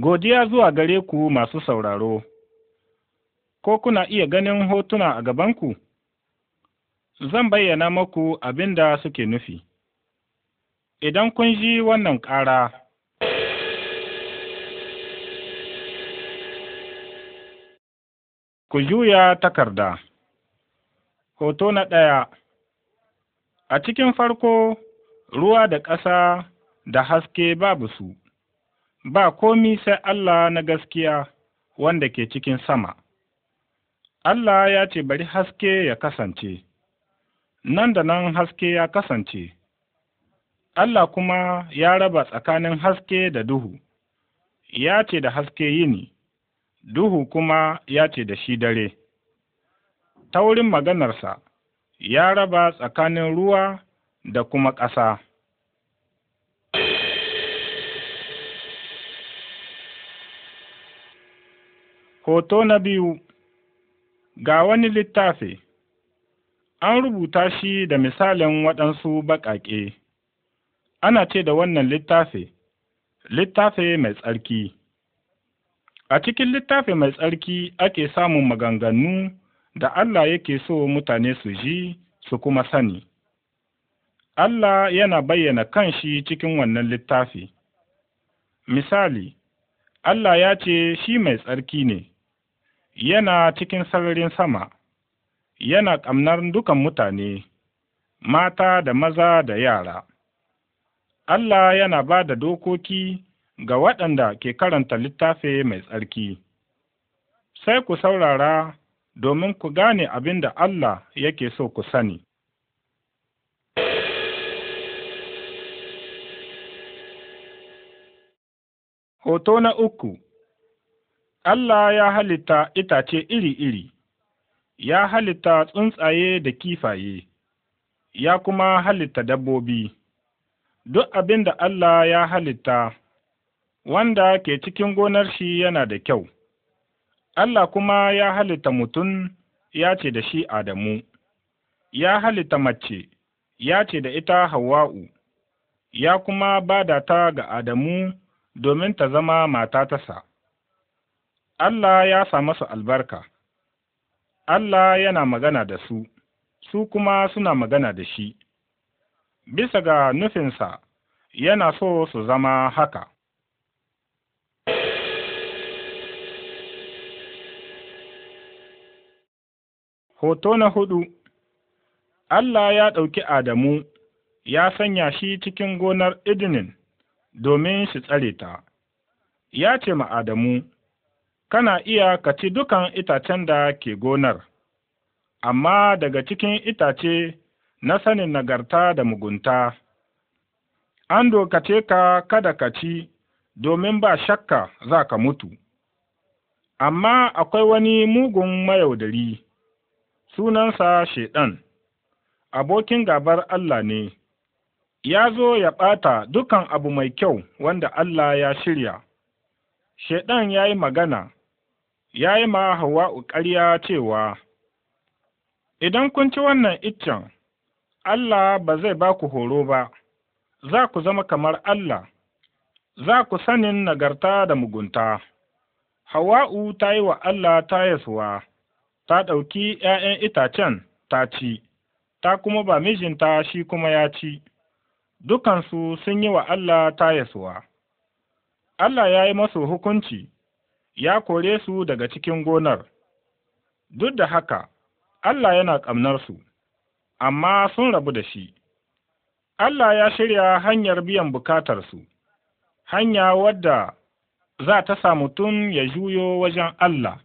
Godiya zuwa gare ku masu sauraro, ko kuna iya ganin hotuna a gabanku? Zan bayyana maku abin da suke nufi. Idan kun ji wannan ƙara, ku juya takarda. Hoto na ɗaya A cikin farko, ruwa da ƙasa da haske babu su. ba komi sai Allah na gaskiya wanda ke cikin sama. Allah ya ce bari haske ya kasance, nan da nan haske ya kasance, Allah kuma ya raba tsakanin haske da duhu, ya ce da haske yini, duhu kuma ya ce da shi dare. Ta wurin maganarsa, ya raba tsakanin ruwa da kuma ƙasa. Hoto na biyu Ga wani littafi, an rubuta shi da misalin waɗansu baƙaƙe, ana ce da wannan littafi, littafi mai tsarki. A cikin littafi mai tsarki ake samun maganganu da Allah yake so mutane su ji su kuma sani. Allah yana bayyana kanshi cikin wannan littafi. Misali, Allah ya ce shi mai tsarki ne. yana cikin sararin sama, yana ƙamnar dukan mutane, mata da maza da yara. Allah yana ba da dokoki ga waɗanda ke karanta littafi mai tsarki. Sai ku saurara domin ku gane abin da Allah yake so ku sani. Hoto na uku Allah ya halitta itace iri-iri, ya halitta tsuntsaye da kifaye, ya kuma halitta dabbobi, duk abin da Allah ya halitta, wanda ke cikin gonar shi yana da kyau. Allah kuma ya halitta mutum ya ce da shi Adamu, ya halitta mace ya ce da ita Hawwa'u, ya kuma bada ta ga Adamu domin ta zama mata tasa. Allah ya sa masu albarka, Allah yana magana da su, su kuma suna magana da shi, bisa ga nufinsa yana so su zama haka. Hoto na hudu Allah ya ɗauki Adamu ya sanya shi cikin gonar Idinin domin shi tsare ta, ya ce ma Adamu, kana iya ka ci dukan itacen da ke gonar, amma daga cikin itace na sanin nagarta da mugunta, an dokace ka kada ka ci domin ba shakka za ka mutu. Amma akwai wani mugun mayaudari, sunansa Shaiɗan, abokin gabar Allah ne, ya zo ya ɓata dukan abu mai kyau wanda Allah ya shirya. Shaiɗan ya yi magana ya yi ma Hawa'u ƙarya cewa, Idan kun ci wannan iccen, Allah ba zai ba ku horo ba, za ku zama kamar Allah, za ku sanin nagarta da mugunta. Hawa'u ta yi wa Allah tayaswa, ta ɗauki ’ya'yan itacen ta ci, ta kuma ba mijinta shi kuma ya ci, dukansu sun yi wa Allah yasuwa. Allah ya yi masu hukunci. ya kore su daga cikin gonar. Duk da haka, Allah yana ƙamnarsu, amma sun rabu da shi. Allah ya shirya hanyar biyan bukatarsu, hanya wadda za ta sa mutum ya juyo wajen Allah.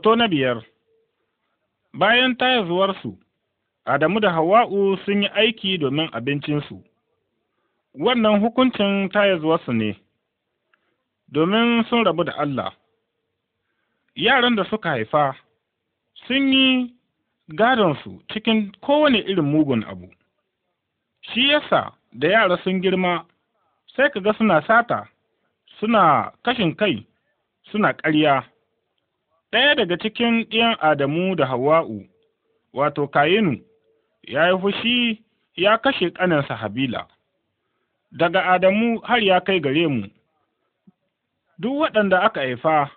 Hoto na biyar Bayan tayazuwarsu, Adamu da Hawa'u sun yi aiki domin abincinsu, wannan hukuncin tayazuwarsu ne, domin sun rabu da Allah. Yaran da suka haifa sun yi gadonsu cikin kowane irin mugun abu, shi yasa da yara sun girma sai ka ga suna sata, suna kashin kai, suna ƙarya. ɗaya daga cikin ɗiyan Adamu da Hawwa'u, wato Kayinu, ya yi fushi ya kashe ƙaninsa Habila. Daga Adamu har ya kai gare mu, duk waɗanda aka haifa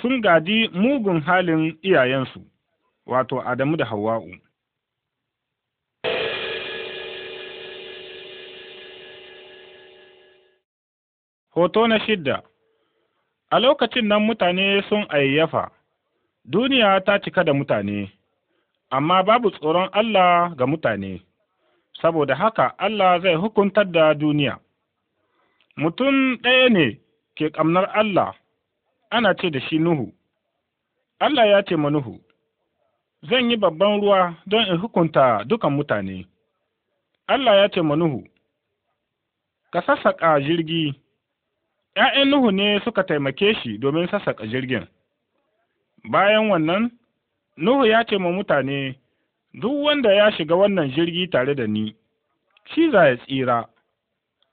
sun gadi mugun halin iyayensu, wato Adamu da Hawwa'u. Hoto na shidda A lokacin nan mutane sun ayyafa. Duniya ta cika da mutane, amma babu tsoron Allah ga mutane, saboda haka Allah zai hukuntar da duniya. Mutum ɗaya ne ke ƙamnar Allah, ana ce da shi Nuhu. Allah ya ce ma Nuhu, Zan yi babban ruwa don in hukunta dukan mutane. Allah ya ce ma Nuhu, Ka sassaƙa jirgi, ’ya'yan Nuhu ne suka taimake shi domin sassaƙa jirgin. Bayan wannan, Nuhu ya ce ma mutane, Duk wanda ya shiga wannan jirgi tare da ni, shi za ya tsira,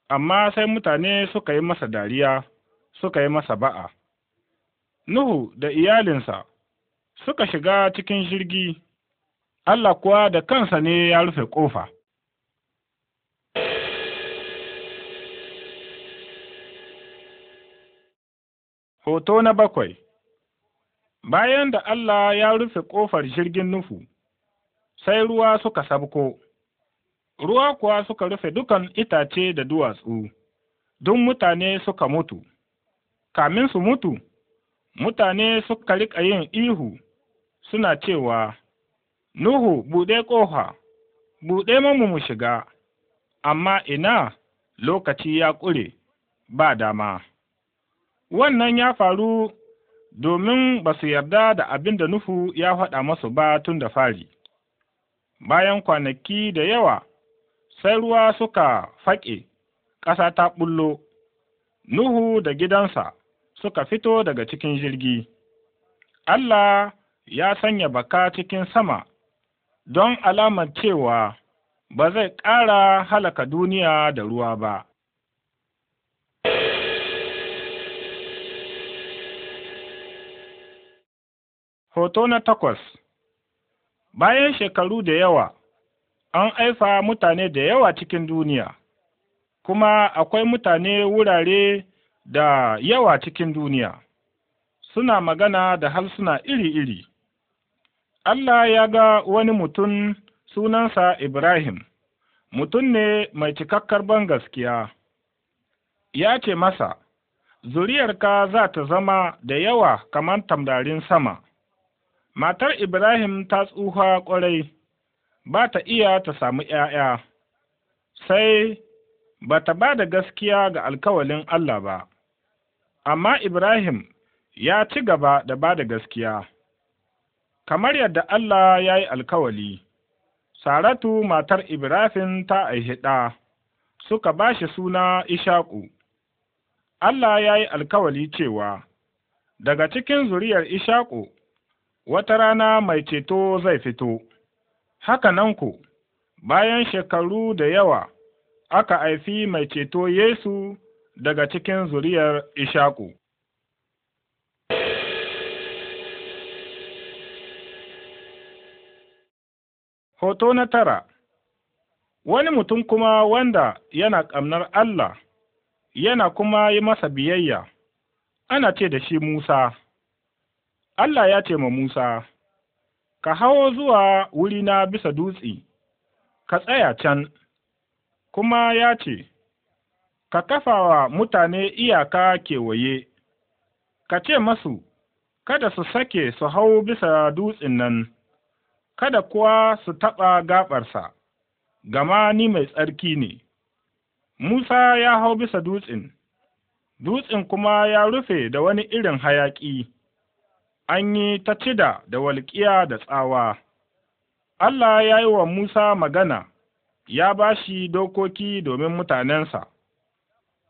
amma sai mutane suka yi masa dariya, suka yi masa ba'a. Nuhu da iyalinsa suka shiga cikin jirgi, Allah kuwa da kansa ne ya rufe ƙofa. Hoto na bakwai Bayan da Allah ya rufe ƙofar jirgin nufu, sai ruwa suka sabko, ruwa kuwa suka rufe dukan itace da duwatsu, duk mutane suka mutu. Kamin su mutu, mutane suka riƙa yin ihu suna cewa, Nuhu buɗe ƙofa, buɗe mamu mu shiga, amma ina lokaci ya ƙure ba dama. Wannan ya faru domin ba su yarda da abin da Nuhu ya faɗa masu ba tun da fari. Bayan kwanaki da yawa, sai ruwa suka faƙe, ƙasa ta ɓullo, Nuhu da gidansa suka fito daga cikin jirgi. Allah ya sanya baka cikin sama don alamar cewa ba zai ƙara halaka duniya da ruwa ba. Hoto na takwas Bayan shekaru da yawa, an aifa mutane da yawa cikin duniya, kuma akwai mutane wurare da yawa cikin duniya, suna magana da halsuna iri-iri. Allah ya ga wani mutum sunansa Ibrahim, mutum ne mai cikakkar ban gaskiya. Ya ce masa, Zuriyarka za ta zama da yawa kamar tamdarin sama. Matar Ibrahim ta tsuha ƙwarai, ba ta iya ta samu ’ya'ya, sai ba ta ba da gaskiya ga alkawalin Allah ba, amma Ibrahim ya ci gaba da ba da gaskiya, kamar yadda Allah ya yi alkawali. Saratu matar Ibrahim ta aihiɗa, suka ba shi suna Ishaku. Allah ya yi alkawali cewa, Daga cikin zuriyar Ishaku wata rana mai ceto zai fito. Haka nan ku, bayan shekaru da yawa, aka haifi mai ceto Yesu daga cikin zuriyar Ishaku. Hoto na tara Wani mutum kuma wanda yana ƙamnar Allah, yana kuma yi masa biyayya, ana ce da shi Musa. Allah ya ce ma Musa, Ka hawo zuwa wurina bisa dutse, ka tsaya can, kuma ya ce, Ka kafa wa mutane iyaka kewaye, ka ce masu, Kada su sake su hau bisa dutsen nan, kada kuwa su taɓa gaɓarsa, gama ni mai tsarki ne. Musa ya hau bisa dutsen, dutsen kuma ya rufe da wani irin hayaƙi. an yi ta cida da walƙiya da tsawa. Allah ya yi wa Musa magana, ya ba shi dokoki domin mutanensa,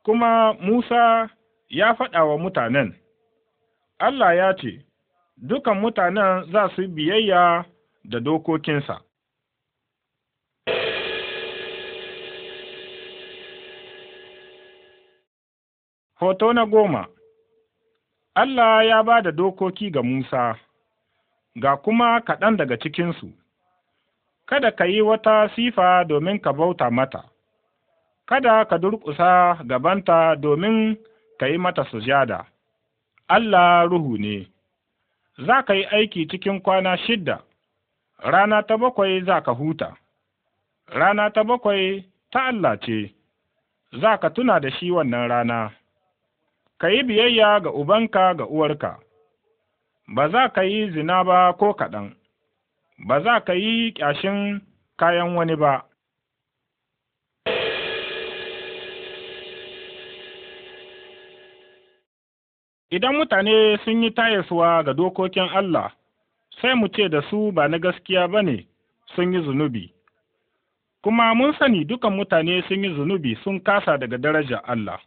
kuma Musa ya faɗa wa mutanen, Allah ya ce, Dukan mutanen za su biyayya da dokokinsa. Hoto na goma Allah ya ba da dokoki ga Musa, ga kuma kaɗan daga cikinsu, kada ka yi wata sifa domin ka bauta mata, kada ka durƙusa gabanta domin ka yi mata sujada, Allah ruhu ne, za ka yi aiki cikin kwana shidda, rana ta bakwai za ka huta, rana ta bakwai ta Allah ce, za ka tuna da shi wannan rana. ka yi biyayya ga ubanka ga uwarka, ba za ka yi zina ba ko kaɗan, ba za ka yi ƙyashin kayan wani ba. Idan mutane sun yi tayaswa ga dokokin Allah, sai mu ce da su ba na gaskiya ba ne sun yi zunubi, kuma mun sani dukan mutane sun yi zunubi sun kasa daga darajar Allah.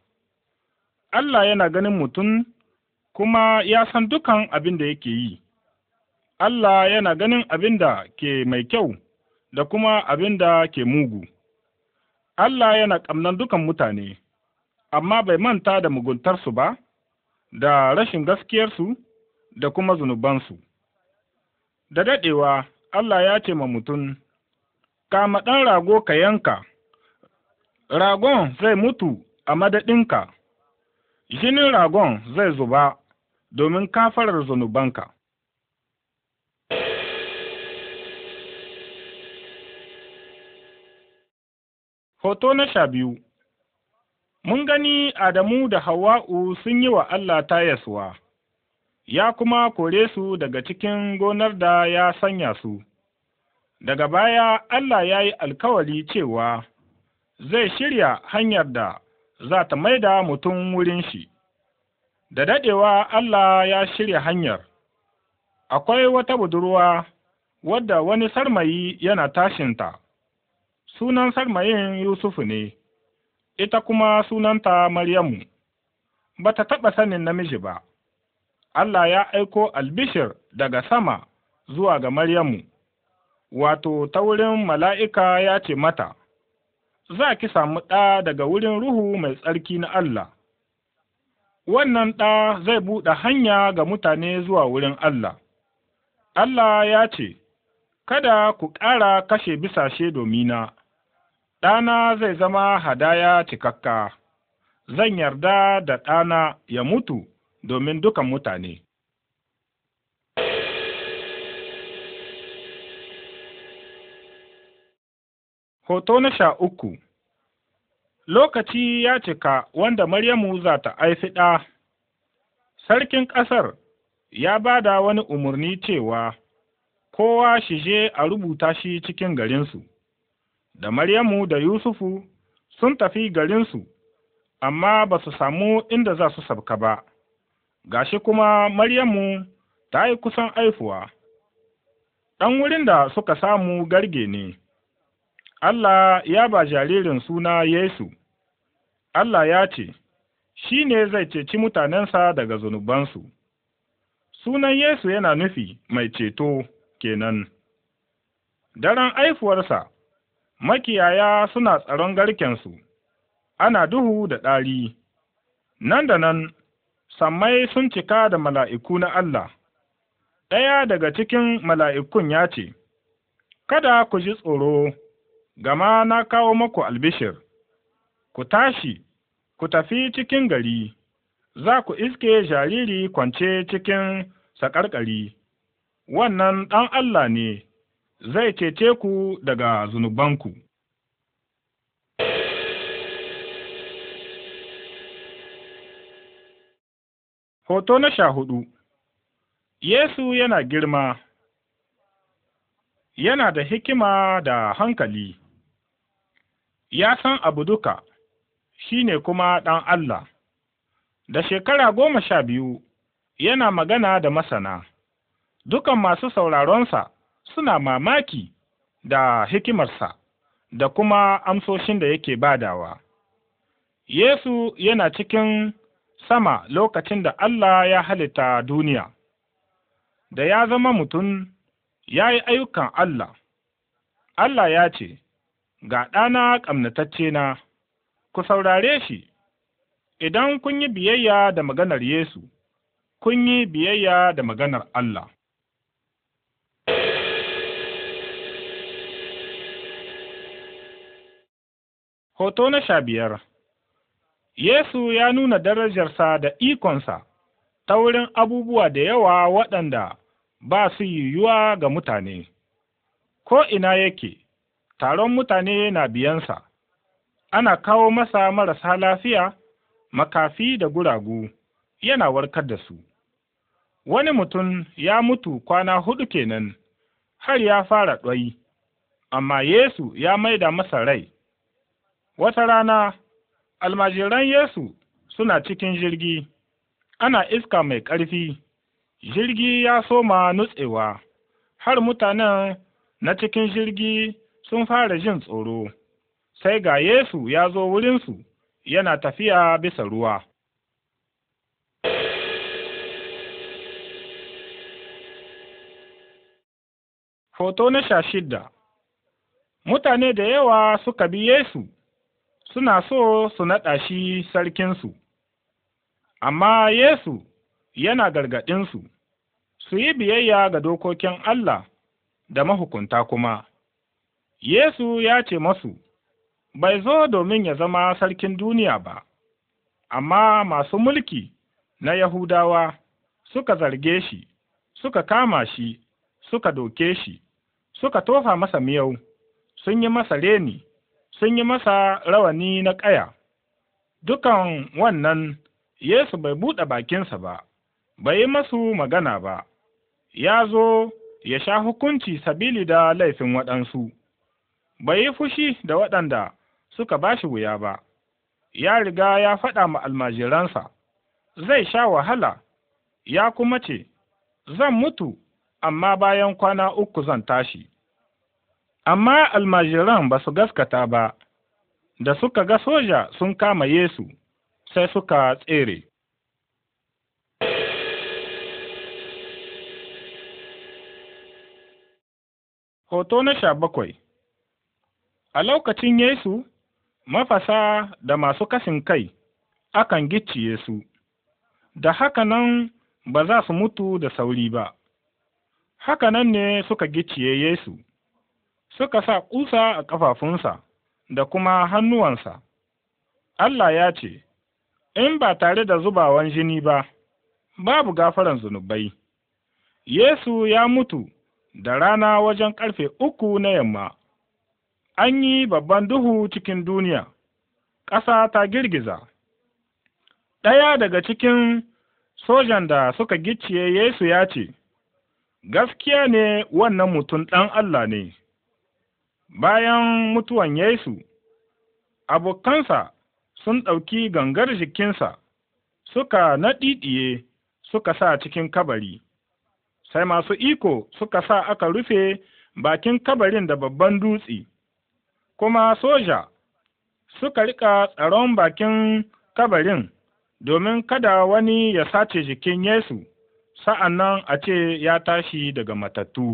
Allah yana ganin mutum kuma ya san dukan abin da yake yi. Allah yana ganin abin da ke mai kyau da kuma abin da ke mugu. Allah yana ƙamnan dukan mutane, amma bai manta da muguntarsu ba, da rashin gaskiyarsu, da kuma zunubansu. Da daɗewa, Allah ya ce ma mutum, Kama ɗan rago ka yanka, ragon zai mutu a madadinka. jinin ragon zai zuba domin kafarar zunubanka. Hoto na sha biyu Mun gani Adamu da Hawa'u sun yi wa Allah tayaswa, ya kuma kore su daga cikin gonar da ya sanya su. Daga baya Allah ya yi alkawari cewa zai shirya hanyar da za ta da mutum wurin shi. Da daɗewa Allah ya shirya hanyar, akwai wata budurwa wadda wani sarmayi yana tashinta, sunan sarmayin Yusufu ne, ita kuma sunanta Maryamu, ba ta taɓa sanin namiji ba, Allah ya aiko albishir daga sama zuwa ga Maryamu, wato ta wurin mala'ika ya ce mata, za ki samu ɗa daga wurin Ruhu mai tsarki na Allah. Wannan ɗa zai buɗe hanya ga mutane zuwa wurin Allah. Allah ya ce, Kada ku ƙara kashe bisashe domina, ɗana zai zama hadaya cikakka, zan yarda da ɗana ya mutu domin dukan mutane. Hoto na sha uku Lokaci ya cika wanda Maryamu za ta aifi ɗa, sarkin ƙasar ya ba da wani umarni cewa kowa shi je a rubuta shi cikin garinsu, da Maryamu da Yusufu sun tafi garinsu, amma ba su samu inda za su sabka ba, ga shi kuma Maryamu ta yi kusan aifuwa, ɗan wurin da suka samu garge ne. Allah ya ba jaririn suna Yesu, Allah ya ce, Shi ne zai ceci mutanensa daga zunubansu. Sunan Yesu yana nufi mai ceto kenan. Daren aifuwarsa, makiyaya suna tsaron garkensu, ana duhu da ɗari. Nan da nan, sammai sun cika da mala'iku na Allah. Ɗaya daga cikin mala'ikun ya ce, Kada ku ji tsoro. gama na kawo maku albishir, ku tashi, ku tafi cikin gari, za ku iske jariri kwance cikin saƙarƙari, wannan ɗan Allah ne, zai cece ku daga zunubanku. Hoto na sha hudu Yesu yana girma, yana da hikima da hankali. ya san abu duka, shi ne kuma ɗan Allah. Da shekara goma sha biyu, yana magana da masana, dukan masu sauraronsa suna mamaki da hikimarsa, da kuma amsoshin da yake badawa. Yesu yana cikin sama lokacin da Allah ya halitta duniya, da ya zama mutum ya yi ayyukan Allah. Allah ya ce, ga ɗana ƙamnatacce na, ku saurare shi, idan kun yi biyayya da maganar Yesu, kun yi biyayya da maganar Allah. Hoto na sha biyar Yesu ya nuna darajarsa da ikonsa ta wurin abubuwa da yawa waɗanda ba su yiwuwa ga mutane, ko ina yake. taron mutane na biyansa, ana kawo masa marasa lafiya, makafi da guragu, yana warkar da su. Wani mutum ya mutu kwana hudu kenan, har ya fara ɗwai, amma Yesu ya maida masa rai. Wata rana, almajiran Yesu suna cikin jirgi, ana iska mai ƙarfi, jirgi ya soma nutsewa, har mutanen na cikin jirgi sun fara jin tsoro, sai ga Yesu ya zo wurinsu yana tafiya bisa ruwa. Hoto na sha shidda Mutane da yawa suka bi Yesu, suna so su naɗa shi sarkinsu, amma Yesu yana gargaɗinsu, su yi biyayya ga dokokin Allah da mahukunta kuma. Yesu ya ce masu, Bai zo domin ya zama sarkin duniya ba, amma masu mulki na Yahudawa suka zarge shi, suka kama shi, suka doke shi, suka tofa masa miyau, sun yi masa reni, sun yi masa rawani na ƙaya. Dukan wannan Yesu bai buɗe bakinsa ba, bai yi masu magana ba, ya zo ya sha hukunci sabili da laifin waɗansu. bai yi fushi da waɗanda suka ba shi wuya ba, ya riga ya faɗa ma almajiransa, zai sha wahala, ya kuma ce, zan mutu, amma bayan kwana uku zan tashi. Amma almajiran ba su gaskata ba, da suka ga soja sun kama Yesu, sai suka tsere. Hoto na sha bakwai A lokacin Yesu, mafasa da masu kashin kai akan gicciye su, da haka nan ba za su mutu da sauri ba. Haka nan ne suka gicciye Yesu, suka sa ƙusa a ƙafafunsa da kuma hannuwansa. Allah ya ce, In ba tare da zubawan jini ba, babu gafaran zunubai. Yesu ya mutu da rana wajen ƙarfe uku na yamma. an yi babban duhu cikin duniya, ƙasa ta girgiza. Ɗaya daga cikin sojan da suka gicciye Yesu ya ce, Gaskiya ne wannan mutum ɗan Allah ne, bayan mutuwan Yesu, abokansa sun ɗauki gangar jikinsa, suka naɗiɗiye suka sa cikin kabari, sai masu iko suka sa aka rufe bakin kabarin da babban dutse. kuma soja suka rika tsaron bakin kabarin domin kada wani ya sace jikin Yesu, sa'an nan a ce ya tashi daga matattu.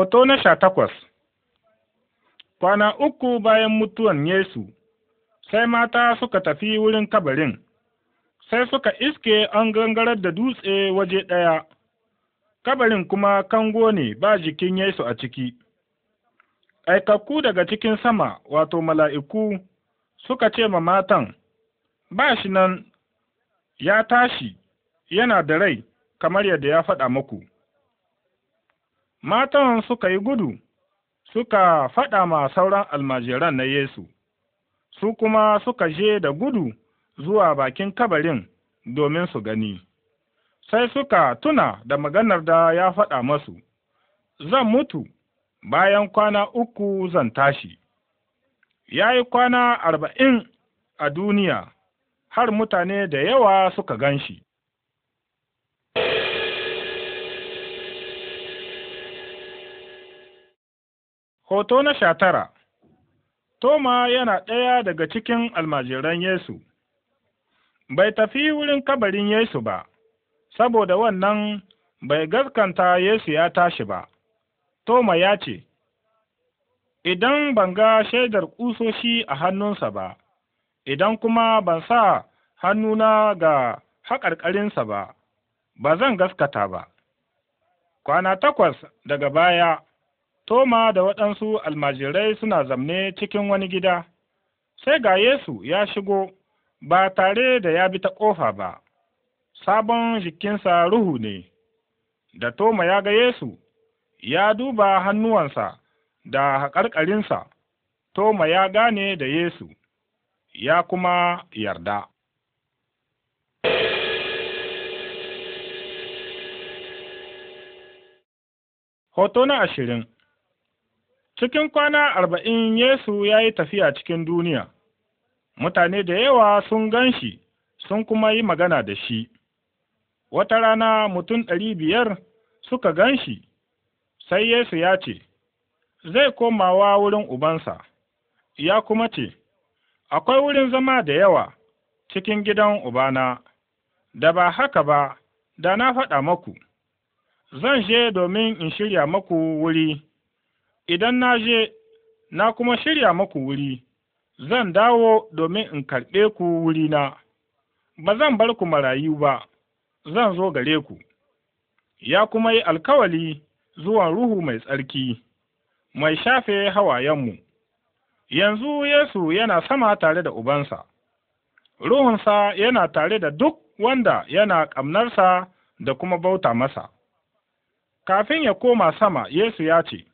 Hoto na sha takwas Kwana uku bayan mutuwan Yesu, sai mata suka tafi wurin kabarin, sai suka iske an gangarar da dutse waje ɗaya, kabarin kuma kango ne ba jikin Yesu a ciki. Aikakku daga cikin sama, wato mala'iku, suka ce ma matan, ba shi nan ya tashi yana da rai kamar yadda ya faɗa muku. Matan suka yi gudu, suka faɗa ma sauran almajiran na Yesu, su kuma suka je da gudu zuwa bakin kabarin domin su gani. Sai suka tuna da maganar da ya faɗa masu, Zan mutu, bayan kwana uku zan tashi. Ya yi kwana arba'in a duniya, har mutane da yawa suka gan shi. Hoto na sha tara Toma yana ɗaya daga cikin almajiran Yesu, bai tafi wurin kabarin Yesu ba, saboda wannan bai gaskanta Yesu ya tashi ba. Toma ya ce, Idan ban ga shaidar ƙusoshi a hannunsa ba, idan kuma ban sa hannuna ga haƙarƙarinsa ba, ba zan gaskata ba. Kwana takwas daga baya, Toma da waɗansu almajirai suna zamne cikin wani gida, sai ga Yesu ya shigo ba tare da ya bi ta ƙofa ba, sabon jikinsa ruhu ne, da Toma ya ga Yesu, ya duba hannuwansa da haƙarƙarinsa, Toma ya gane da Yesu, ya kuma yarda. Hoto na ashirin Cikin kwana arba'in Yesu ya yi tafiya cikin duniya, mutane da yawa sun gan shi, sun kuma yi magana da shi. Wata rana mutum ɗari biyar suka gan shi, sai Yesu ya ce, Zai komawa wurin Ubansa, ya kuma ce, Akwai wurin zama da yawa cikin gidan Ubana, da ba haka ba, da na faɗa maku, zan je domin in shirya maku wuri. idan na je na kuma shirya maku wuri, zan dawo domin in karɓe ku wurina, ba zan bar ku marayu ba, zan zo gare ku. Ya kuma yi alkawali zuwan Ruhu mai tsarki, mai shafe hawayenmu. Yanzu Yesu yana sama tare da Ubansa, Ruhunsa yana tare da duk wanda yana ƙamnarsa da kuma bauta masa. Kafin ya koma sama, Yesu ya ce,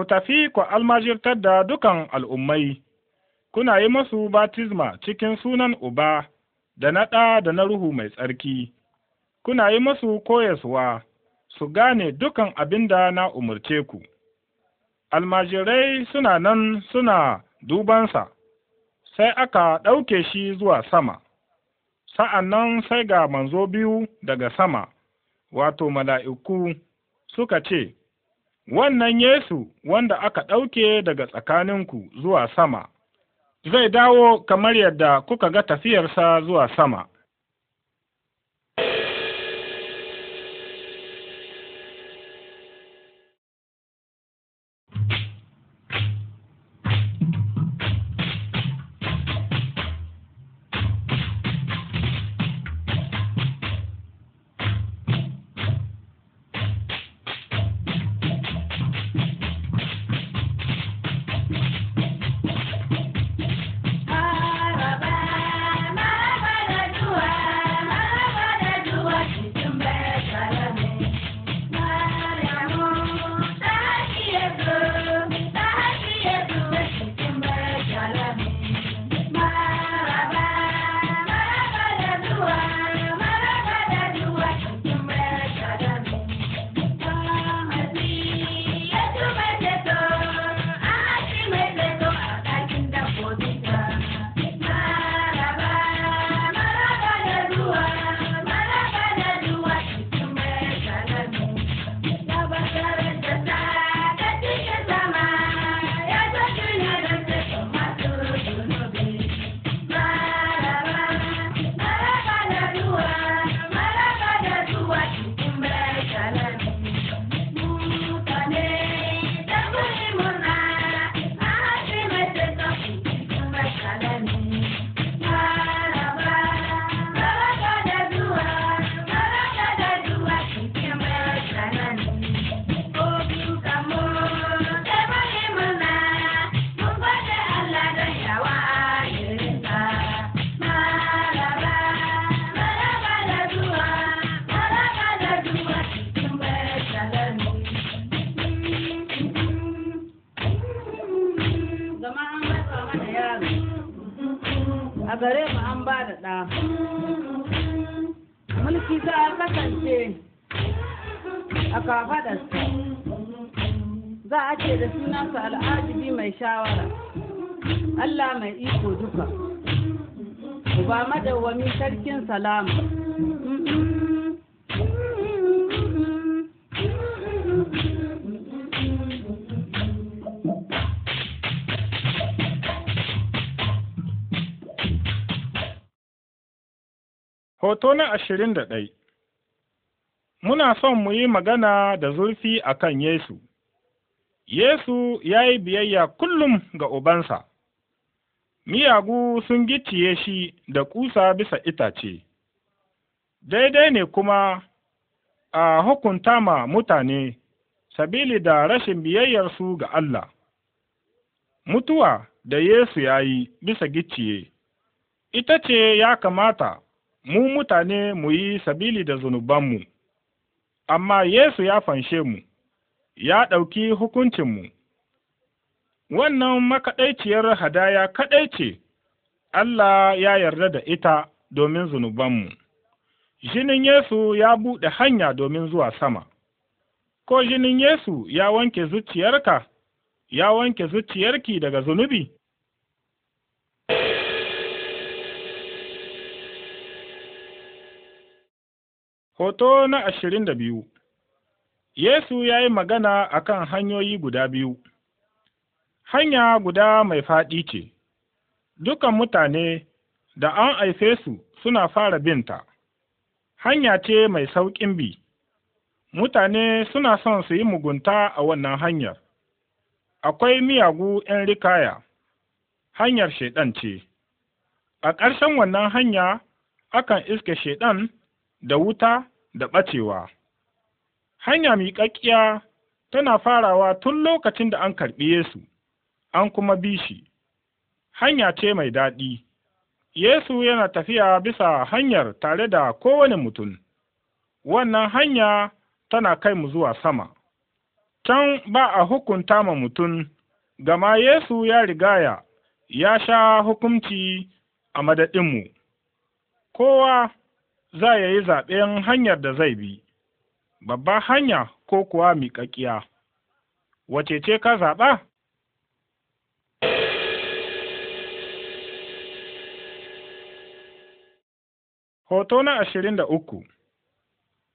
ku tafi ku almajirtar da dukan al'ummai, kuna yi masu batizma cikin sunan Uba, da na ɗa da na Ruhu mai tsarki, kuna yi masu koyaswa, su gane dukan abin da na umarce ku. Almajirai suna nan suna dubansa, sai aka ɗauke shi zuwa sama, sa'an nan sai ga manzo biyu daga sama, wato mala'iku, suka ce, wannan Yesu wanda aka ɗauke daga tsakaninku zuwa sama, zai dawo kamar yadda kuka ga tafiyarsa zuwa sama, salama Hoto na ashirin da ɗai Muna son mu yi magana da zurfi a kan Yesu. Yesu ya yi biyayya kullum ga Ubansa, miyagu sun gicciye shi da ƙusa bisa itace, daidai ne kuma a hukunta ma mutane sabili da rashin biyayyarsu ga Allah. Mutuwa da Yesu ya yi bisa gicciye, ita ce ya kamata mu mutane mu yi sabili da zunubanmu, amma Yesu ya fanshe mu, ya ɗauki hukuncinmu. Wannan makaɗaiciyar hadaya kaɗai ce, Allah ya yarda da ita domin zunubanmu. jinin Yesu ya buɗe hanya domin zuwa sama. Ko jinin Yesu ya wanke zuciyarka, ya wanke zuciyarki daga zunubi? Hoto na ashirin da biyu Yesu ya yi magana a kan hanyoyi guda biyu. Hanya guda mai faɗi ce, dukan mutane da an haife su suna fara binta. hanya ce mai sauƙin bi, mutane suna son su yi mugunta a wannan hanyar. Akwai miyagu ‘yan rikaya, hanyar Shaiɗan ce, a ƙarshen wannan hanya akan iske Shaiɗan da wuta da ɓacewa. Hanya miƙaƙƙiya tana farawa tun lokacin da an karɓi Yesu, an kuma bi shi, hanya ce mai daɗi. Yesu yana tafiya bisa hanyar tare da kowane mutum, wannan hanya tana kai mu zuwa sama. Can ba a hukunta ma mutum, gama Yesu ya rigaya ya sha hukunci a madadinmu. Kowa za ya yi zaɓen hanyar da zai bi, babba hanya ko kuwa miƙaƙiya. Wace ce ka zaɓa? Hoto na ashirin da uku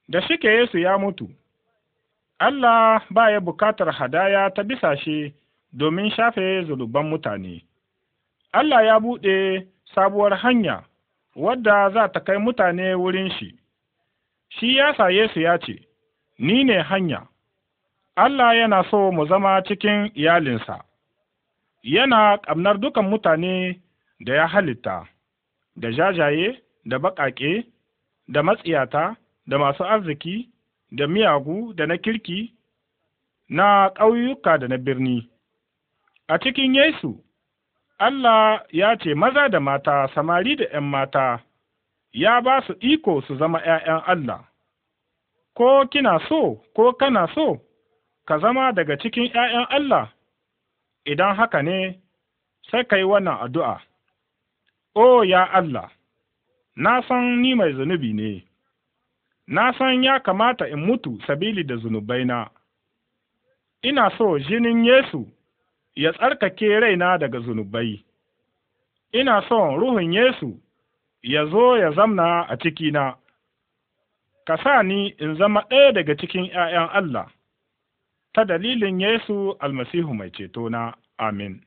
Da shike Yesu ya mutu, Allah ba ya bukatar hadaya ta bisa shi domin shafe zuluban mutane. Allah ya buɗe sabuwar hanya wadda za ta kai mutane wurin shi. Shi ya sa Yesu ya ce, Ni ne hanya, Allah yana so mu zama cikin iyalinsa, yana ƙamnar dukan mutane da ya halitta, da jajaye, da baƙaƙe da matsiyata da masu arziki da miyagu da na kirki na ƙauyuka da na birni a cikin Yesu Allah ya ce maza da mata samari da ’yan mata ya ba su iko su zama ’ya'yan Allah ko kina so ko kana so ka zama daga cikin ’ya'yan Allah idan haka ne sai ka yi wannan addu'a, O ya Allah! na san ni mai zunubi ne, na san ya kamata in mutu sabili da zunubaina, ina so jinin Yesu ya tsarkake raina daga zunubai, ina son Ruhun Yesu ya zo ya zamna a cikina, ka sa ni in zama ɗaya daga cikin ’ya'yan Allah, ta dalilin Yesu almasihu mai cetona, amin.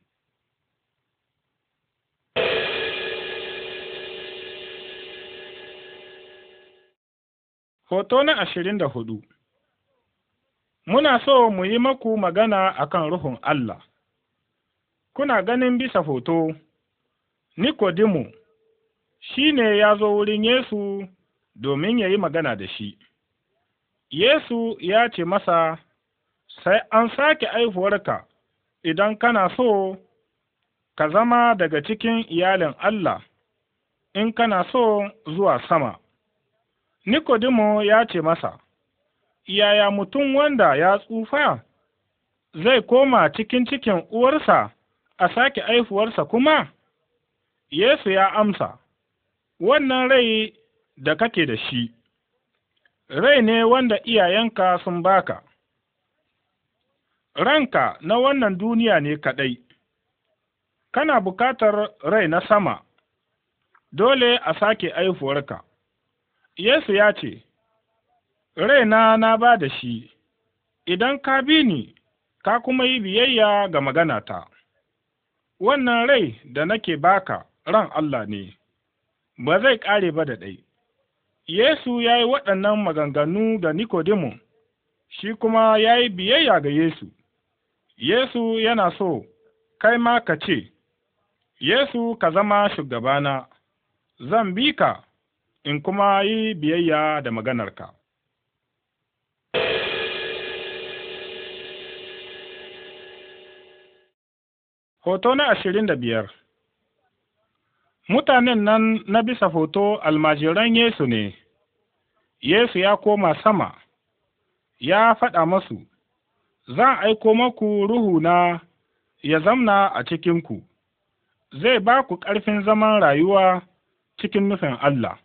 Hoto na ashirin da hudu Muna so mu yi maku magana a kan Ruhun Allah, kuna ganin bisa hoto, Nikodimu shi ne ya zo wurin Yesu domin ya yi magana da shi. Yesu ya ce masa, Sai an sake aihuwarka idan kana so ka zama daga cikin iyalin Allah, in kana so zuwa sama. Nikodimo ya ce masa, Yaya mutum wanda ya tsufa zai koma cikin cikin uwarsa a sake aifuwarsa kuma? Yesu ya amsa, Wannan rai da kake da shi, rai ne wanda iyayenka sun baka, ranka na wannan duniya ne kaɗai, kana bukatar rai na sama, dole a sake aifuwarka. Yesu ya ce, Raina na ba da shi, idan ka bi ni, ka kuma yi biyayya ga magana ta. wannan rai da nake baka ran Allah ne, ba zai ƙare ba da ɗai. Yesu ya yi waɗannan maganganu ga nikodimu shi kuma ya yi biyayya ga Yesu. Yesu yana so, kai ma ka ce, Yesu ka zama shugabana, zan bi ka. in kuma yi biyayya da maganarka. Hoto na ashirin da biyar Mutanen nan na bisa hoto almajiran Yesu ne, Yesu ya koma sama, ya faɗa masu, Zan aiko maku ruhu na ya zamna a cikinku, zai ba ku ƙarfin zaman rayuwa cikin nufin Allah.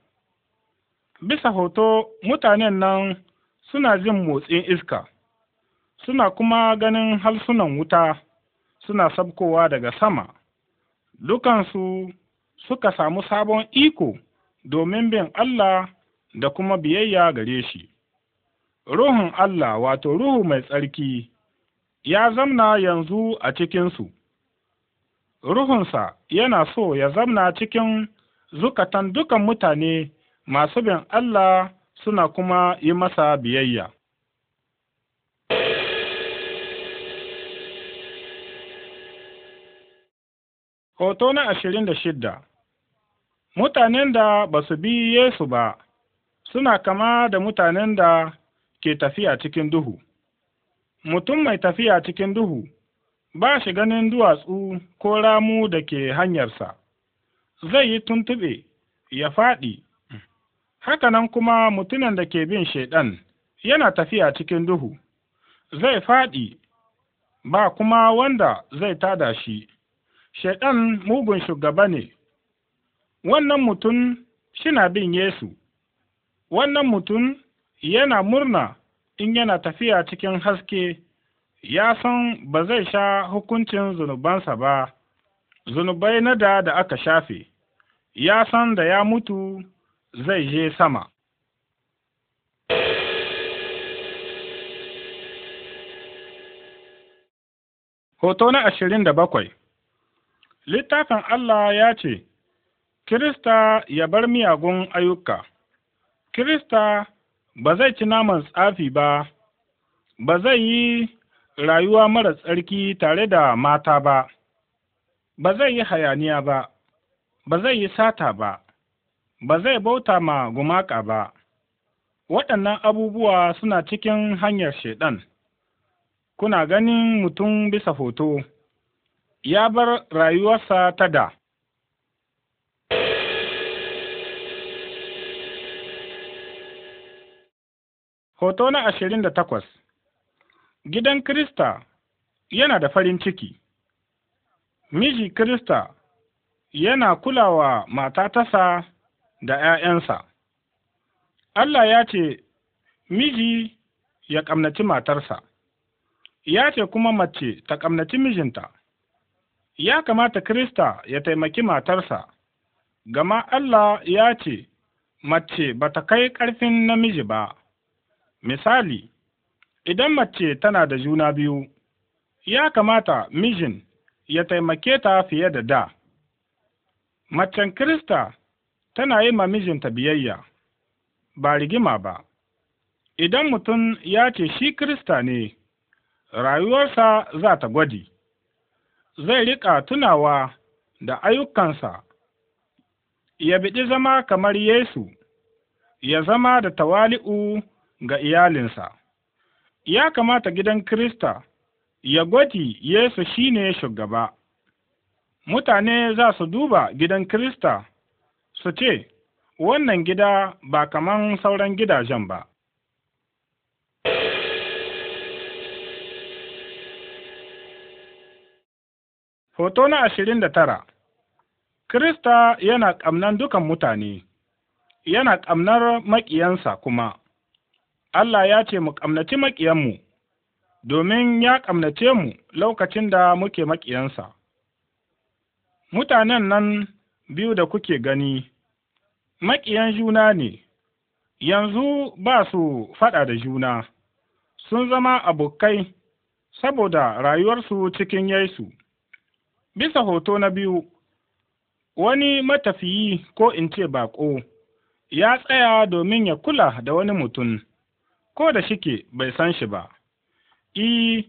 bisa hoto mutanen nan suna jin motsin iska, suna kuma ganin halsunan wuta suna sabkowa daga sama, dukansu suka samu sabon iko domin bin Allah da kuma biyayya gare shi. Ruhun Allah wato Ruhu mai tsarki ya zamna yanzu a cikinsu, Ruhunsa yana so ya zamna cikin zukatan dukan mutane masu bin Allah suna kuma yi masa biyayya. Hoto na ashirin da shidda Mutanen da ba su bi Yesu ba suna kama da mutanen da ke tafiya cikin duhu. Mutum mai tafiya cikin duhu ba shi ganin duwatsu ko ramu da ke hanyarsa, zai yi tuntuɓe ya faɗi Haka nan kuma mutumin da ke bin Shaiɗan yana tafiya cikin duhu, zai faɗi ba kuma wanda zai tada shi, Shaiɗan mugun shugaba ne, wannan mutum shina bin Yesu, wannan mutum yana murna in yana tafiya cikin haske, ya san ba zai sha hukuncin zunubansa ba, zunubai na da da aka shafe, ya san da ya mutu zai je sama Hoto na ashirin da bakwai Littafin Allah ya ce, Kirista ya bar miyagun ayyuka, Kirista ba zai ci naman tsafi ba, ba zai yi rayuwa mara tsarki tare da mata ba, ba zai yi hayaniya ba, ba zai yi sata ba, ba zai bauta ma gumaka ba, waɗannan abubuwa suna cikin hanyar Shaiɗan. Kuna ganin mutum bisa hoto, ya bar rayuwarsa ta da. Hoto na ashirin da takwas Gidan Krista yana da farin ciki, miji Krista yana kulawa mata tasa da ’ya'yansa. Allah ya ce, Miji ya ƙamnaci matarsa, ya ce kuma mace ta ƙamnaci mijinta, ya kamata Kirista ya taimaki matarsa, gama Allah ya ce, Mace ba ta kai ƙarfin namiji ba. Misali, idan mace tana da juna biyu, ya kamata mijin ya taimake ta fiye da da. Macen Kirista tana yi ma mijinta biyayya, ba rigima ba. Idan mutum ya ce shi Kirista ne, rayuwarsa za ta gwadi, zai riƙa tunawa da ayyukansa, ya biɗi zama kamar Yesu, ya zama da tawali'u ga iyalinsa. Ya kamata gidan Kirista ya gwadi Yesu shi ne shugaba. Mutane za su duba gidan Kirista. su ce, Wannan gida ba kaman sauran gidajen ba. Hoto na ashirin da tara Kirista yana ƙamnan dukan mutane, yana ƙamnar maƙiyansa kuma, Allah ya ce mu ƙamnaci maƙiyanmu, domin ya ƙamnace mu lokacin da muke maƙiyansa. Mutanen nan biyu da kuke gani maƙiyan juna ne, yanzu ba su faɗa da juna, sun zama abokai saboda rayuwarsu cikin Yesu. Bisa hoto na biyu, wani matafiyi ko in ce baƙo ya tsaya domin ya kula da wani mutum, ko da shike bai san shi ba. I,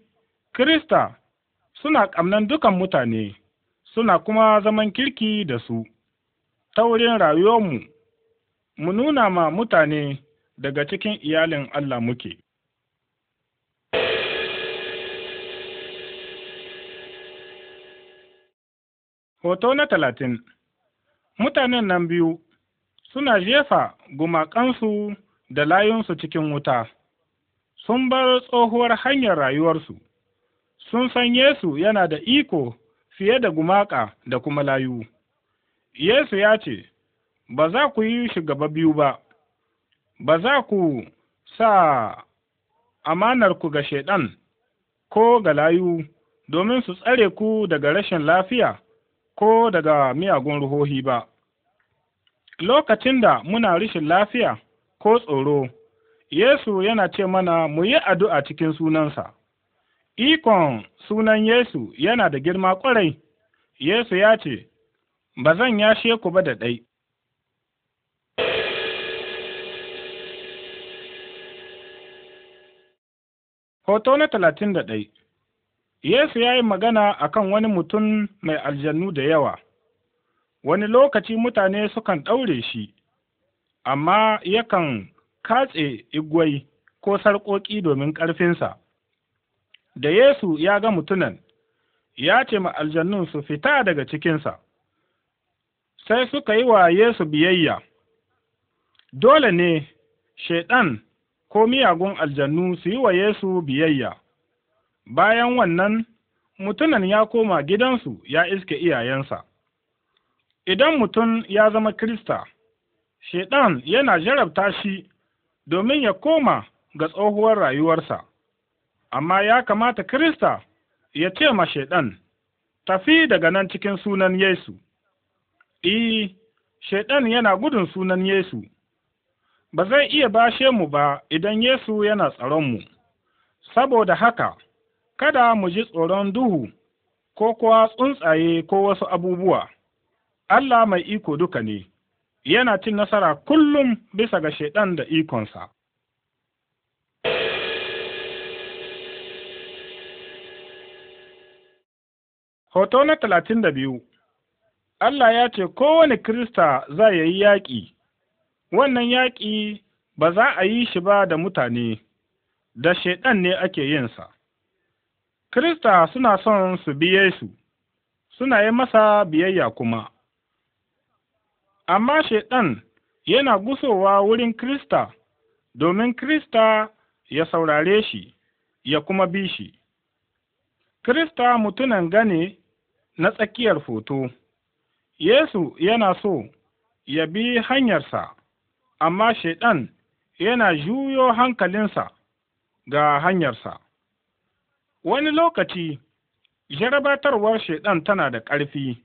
Krista suna ƙamnan dukan mutane. suna kuma zaman kirki da su. Ta wurin rayuwarmu, mu nuna ma mutane daga cikin iyalin Allah muke. Hoto na talatin Mutanen nan biyu suna jefa gumakansu da layunsu cikin wuta, sun bar tsohuwar hanyar rayuwarsu, sun san Yesu yana da iko fiye da gumaka da kuma layu. Yesu ya ce, Ba za ku yi shugaba biyu ba, ba za ku sa amanarku ga Shaiɗan ko ga layu domin su tsare ku daga rashin lafiya ko daga miyagun ruhohi ba. Lokacin da muna rashin lafiya ko tsoro, Yesu yana ce mana mu yi addu'a cikin sunansa. Ikon sunan Yesu yana da girma ƙwarai, Yesu ya ce, Ba zan yashe ku ba da ɗai. Hoto na talatin da ɗai Yesu ya yi magana a kan wani mutum mai aljannu da yawa, wani lokaci mutane sukan ɗaure shi, amma yakan katse igwai ko sarƙoƙi domin ƙarfinsa. da Yesu ya ga mutunan, ya ce ma aljannun su fita daga cikinsa, sai suka yi wa Yesu biyayya, dole ne Shaiɗan ko miyagun aljannu su yi wa Yesu biyayya, bayan wannan mutunan ya koma gidansu ya iske iyayensa. Idan mutum ya zama Kirista, Shaiɗan yana jarabta shi domin ya koma ga tsohuwar rayuwarsa. amma ya kamata Kirista ya ce ma Shaiɗan, tafi daga nan cikin sunan Yesu. I, e, Shaiɗan yana gudun sunan Yesu, ba zai iya bashe mu ba idan Yesu yana tsaron tsaronmu, saboda haka, kada mu ji tsoron duhu ko kuwa tsuntsaye ko wasu abubuwa. Allah mai iko duka ne, yana cin nasara kullum bisa ga Shaiɗan da ikonsa. Hoto na talatin da biyu Allah ya ce kowane Kirista za ya yi yaƙi, wannan yaƙi ba za a yi shi ba da mutane, da Shaiɗan ne ake yinsa. Kirista suna son su biye su, suna yi masa biyayya kuma. Amma Shaiɗan yana gusowa wurin Kirista domin Kirista ya saurare shi, ya kuma bi shi. Kirista mutunan gane na tsakiyar hoto. Yesu yana so ya bi hanyarsa, amma Shaiɗan yana juyo hankalinsa ga hanyarsa. Wani lokaci, jarabatarwar Shaiɗan tana da ƙarfi,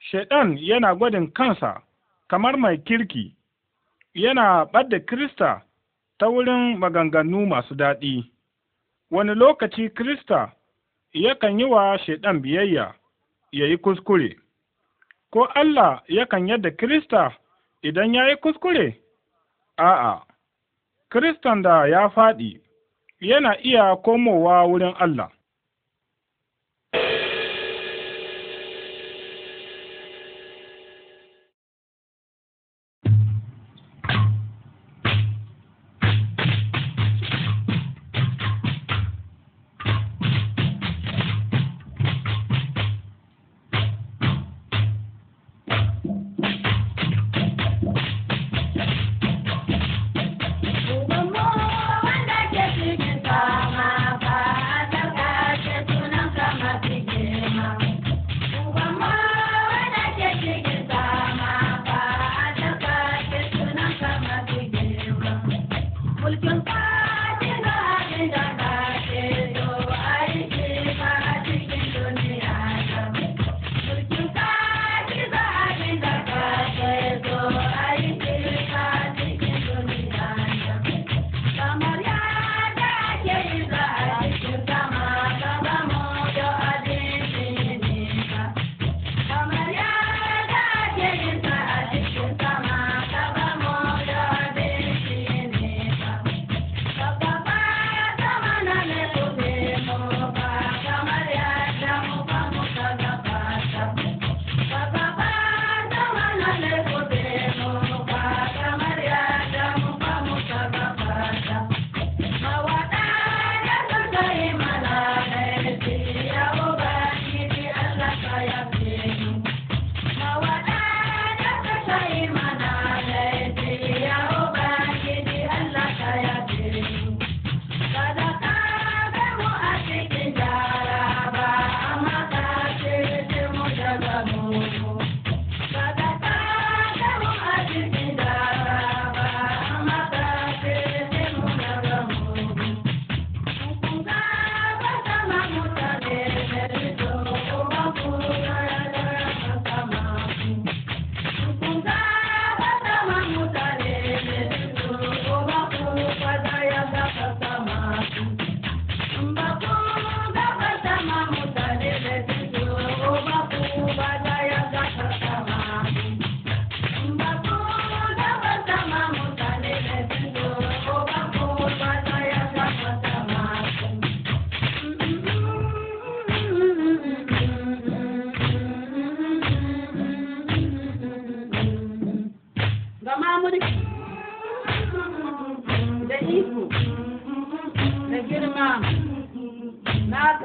Shaiɗan yana gwadin kansa kamar mai kirki, yana ɓadda Kirista ta wurin maganganu masu daɗi. Wani lokaci Kirista yakan yi wa Shaiɗan biyayya. ya yi kuskure, ko Allah yakan yadda Kirista idan ya yi kuskure? A'a, Kiristan da ya faɗi yana iya komowa wurin Allah.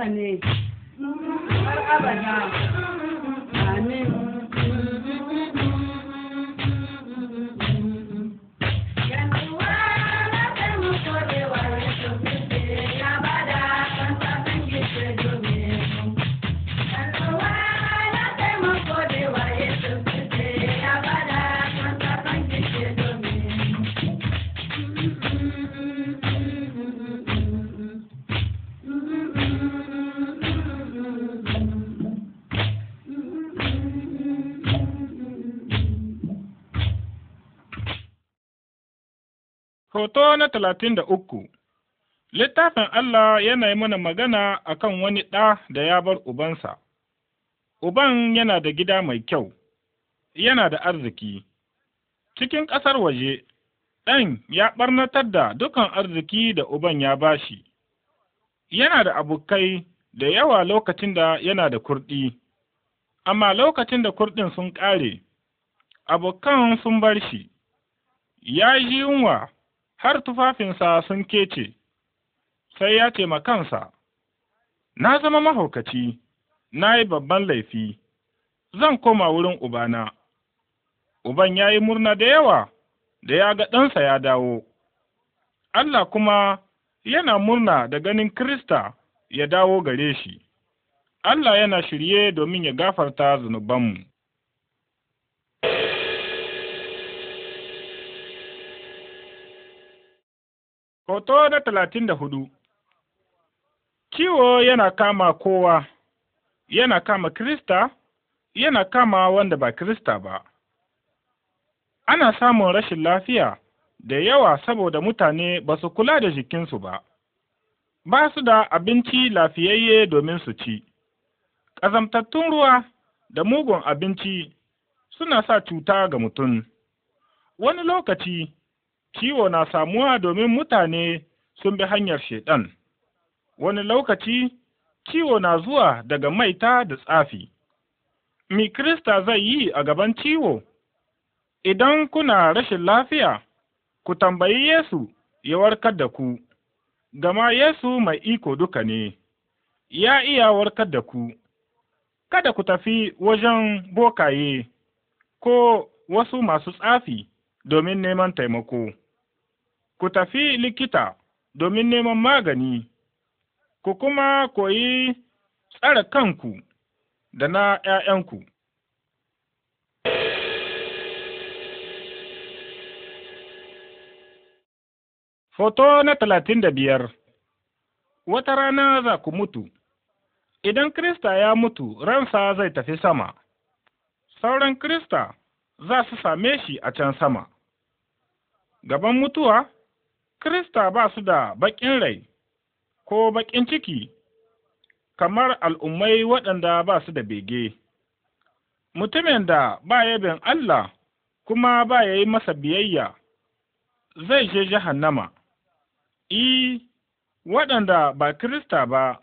ne non. Hoto na talatin da uku Littafin Allah yana yi mana magana a kan wani ɗa da ya bar ubansa. Uban yana da gida mai kyau, yana da arziki. Cikin ƙasar waje, ɗan ya ɓarnatar da dukan arziki da uban ya bashi. Yana da abokai da yawa lokacin da yana da kurɗi, amma lokacin da kurɗin sun ƙare, abokan sun bar shi. Ya yi yunwa har tufafinsa sun kece, sai ya ce ma kansa, Na zama mahaukaci, na yi babban laifi, zan koma wurin Ubana. Uban ya yi murna da yawa da ya ga ɗansa ya dawo, Allah kuma yana murna da ganin Kirista ya dawo gare shi, Allah yana shirye domin ya gafarta zunubanmu. Hoto na talatin da hudu Kiwo yana kama kowa, yana kama Kirista, yana kama wanda ba Kirista ba. Ana samun rashin lafiya da yawa saboda mutane ba su kula da jikinsu ba, ba su da abinci lafiyayye domin su ci. Ƙazamtattun ruwa da mugun abinci suna sa cuta ga mutum. Wani lokaci, Ciwo na samuwa domin mutane sun bi hanyar Shaiɗan. Wani lokaci, ciwo na zuwa daga maita da tsafi. Mi Krista zai yi a gaban ciwo? Idan kuna rashin lafiya, ku tambayi Yesu ya warkar da ku, gama Yesu mai iko duka ne, ya iya warkar da ku. Kada ku tafi wajen bokaye ko wasu masu tsafi. domin neman taimako, ku tafi likita domin neman magani, ku kuma koyi tsare kanku da na ’ya'yanku. Foto na talatin da biyar Wata rana za ku mutu, idan Krista ya mutu ransa zai tafi sama, sauran Krista za su same shi a can sama. gaban mutuwa, Krista ba su da baƙin rai ko baƙin ciki, kamar al'ummai waɗanda ba su da bege. Mutumin da ba yabin Allah kuma ba ya yi masa biyayya, zai je jahannama. I, waɗanda ba Krista ba,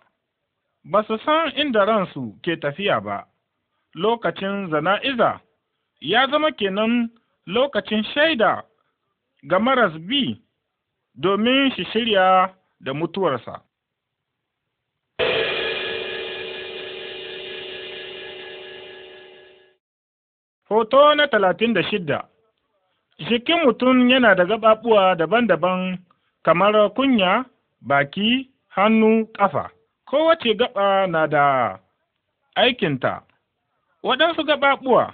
ba su san inda ransu ke tafiya ba, lokacin zana'iza ya zama kenan lokacin shaida ga maras bi domin shi shirya da mutuwarsa. Hoto na talatin da shidda Jikin mutum yana da gaɓaɓuwa daban-daban kamar kunya, baki, hannu, ƙafa. Kowace gaɓa na da aikinta. Waɗansu gaɓaɓuwa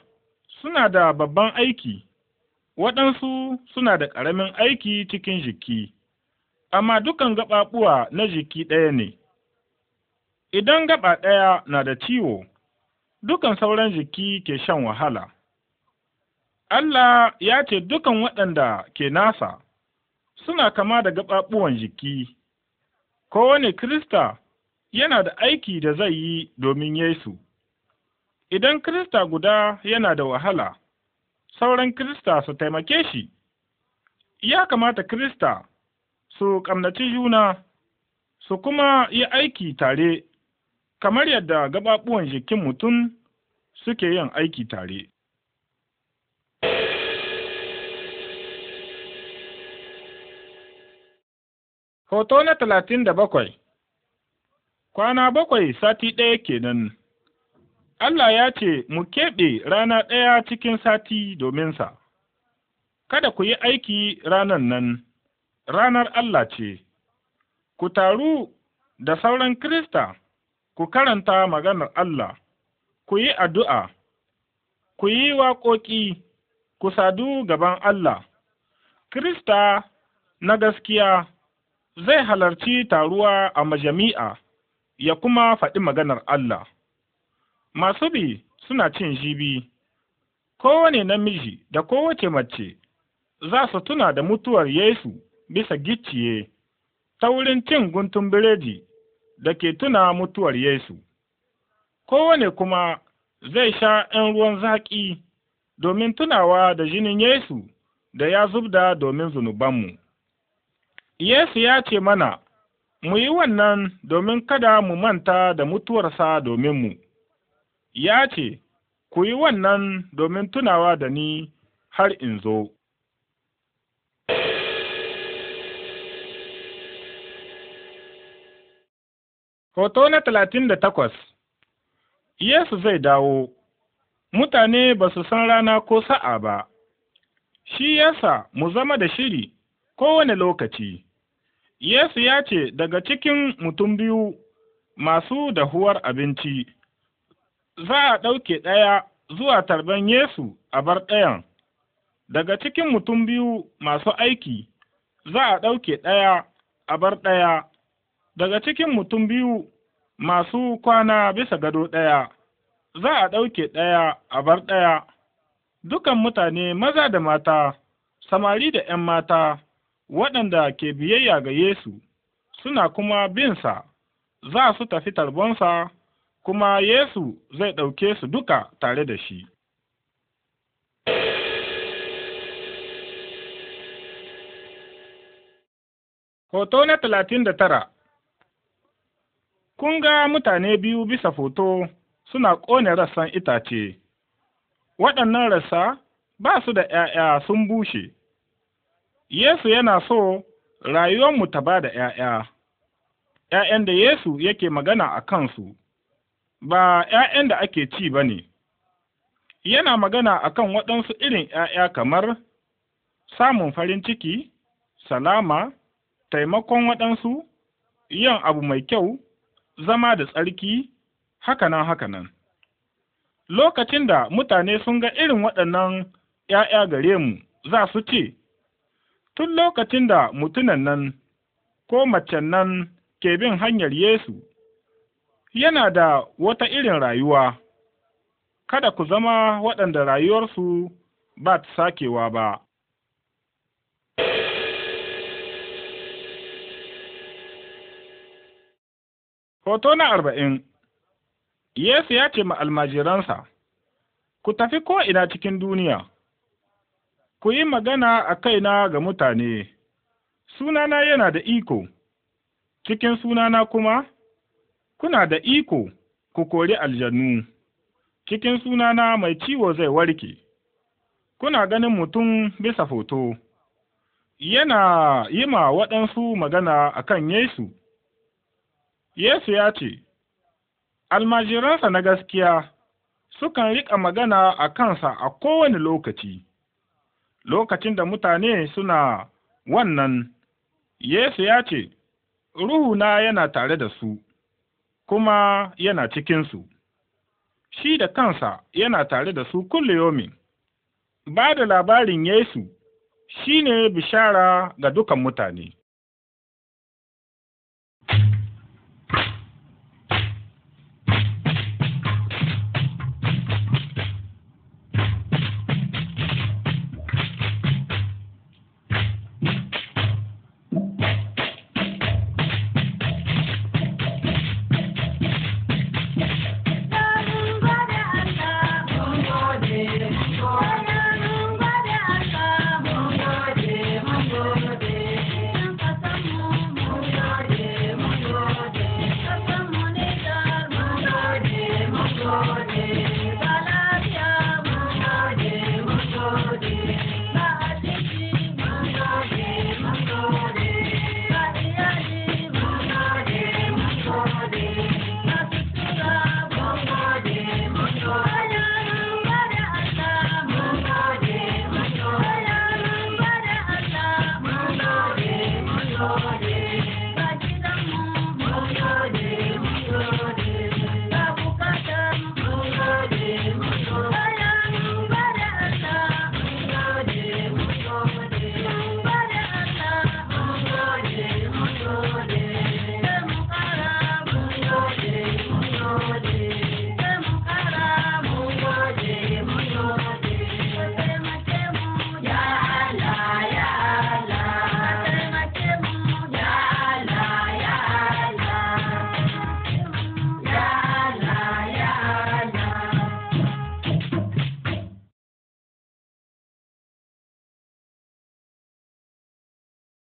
suna da babban aiki, waɗansu suna da ƙaramin aiki cikin jiki, amma dukan gaɓaɓuwa na jiki ɗaya ne. Idan gaɓa ɗaya na da ciwo, dukan sauran jiki ke shan wahala. Allah ya ce dukan waɗanda ke nasa suna kama da gaɓaɓuwan jiki, kowane Krista yana da aiki da zai yi domin Yesu. Idan Krista guda yana da wahala, sauran Kirista su taimake shi, ya kamata Kirista su ƙamnaci juna, su kuma yi aiki tare, kamar yadda gaɓaɓuwan jikin mutum suke yin aiki tare. Hoto na talatin da bakwai Kwana bakwai sati ɗaya kenan. Allah ya ce mu keɓe rana ɗaya cikin sati domin sa. kada ku yi aiki ranan nan, ranar Allah ce, ku taru da sauran Krista, ku karanta maganar Allah, ku yi addu'a, ku yi waƙoƙi, ku sadu gaban Allah. Krista na gaskiya zai halarci taruwa a majami'a ya kuma faɗi maganar Allah. masu bi suna cin jibi, kowane namiji da kowace mace za su tuna da mutuwar Yesu bisa gicciye ta wurin cin guntun biredi da ke tuna mutuwar Yesu, kowane kuma zai sha ’yan ruwan zaƙi domin tunawa da jinin Yesu da ya zubda domin zunubanmu. Yesu ya ce mana, mu yi wannan domin kada mu manta da mutuwarsa domin mu. ya ce, Ku yi wannan domin tunawa da ni har in zo. Hoto na talatin da takwas Yesu zai dawo, mutane ba su san rana ko sa'a ba, shi yasa mu zama da shiri kowane lokaci. Yesu ya ce daga cikin mutum biyu masu dahuwar abinci. za a ɗauke ɗaya zuwa tarban Yesu a bar ɗayan. Daga cikin mutum biyu masu aiki, za a ɗauke ɗaya a bar ɗaya. Daga cikin mutum biyu masu kwana bisa gado ɗaya, za a ɗauke ɗaya a bar ɗaya. Dukan mutane maza da mata, samari da ’yan mata, waɗanda ke biyayya ga Yesu, suna kuma binsa, za su tafi tarbonsa kuma Yesu zai ɗauke su duka tare da shi. Hoto na talatin da tara Kun ga mutane biyu bisa foto suna ƙone rassan itace, waɗannan rassa ba su da ’ya'ya sun bushe. Yesu yana so rayuwanmu ta ba da ’ya'ya, ’ya'yan da Yesu yake magana a kansu. ba ‘ya'yan da ake ci ba ne, yana magana a kan waɗansu irin ‘ya'ya kamar samun farin ciki, salama, taimakon waɗansu, yin abu mai kyau, zama da tsarki, hakanan hakanan. Lokacin da mutane sun ga irin waɗannan ‘ya'ya gare mu za su ce, Tun lokacin da mutunan nan ko macen nan ke bin hanyar Yesu yana da wata irin rayuwa, kada ku zama waɗanda rayuwarsu ba ta sakewa ba. Hoto na arba'in Yesu ya ce ma almajiransa, Ku tafi ko'ina cikin duniya, ku yi magana a kaina ga mutane, sunana yana da iko, cikin sunana kuma, kuna da iko ku kori aljanu. cikin sunana mai ciwo zai warke, kuna ganin mutum bisa foto, yana yi ma waɗansu magana a kan Yesu. Yesu ya ce, Almajiransa na gaskiya sukan riƙa magana a kansa a kowane lokaci, lokacin da mutane suna wannan, Yesu ya ce, Ruhuna yana tare da su. kuma yana cikinsu, shi da kansa yana tare da su kulle yomi. Ba da labarin Yesu shi ne bishara ga dukan mutane.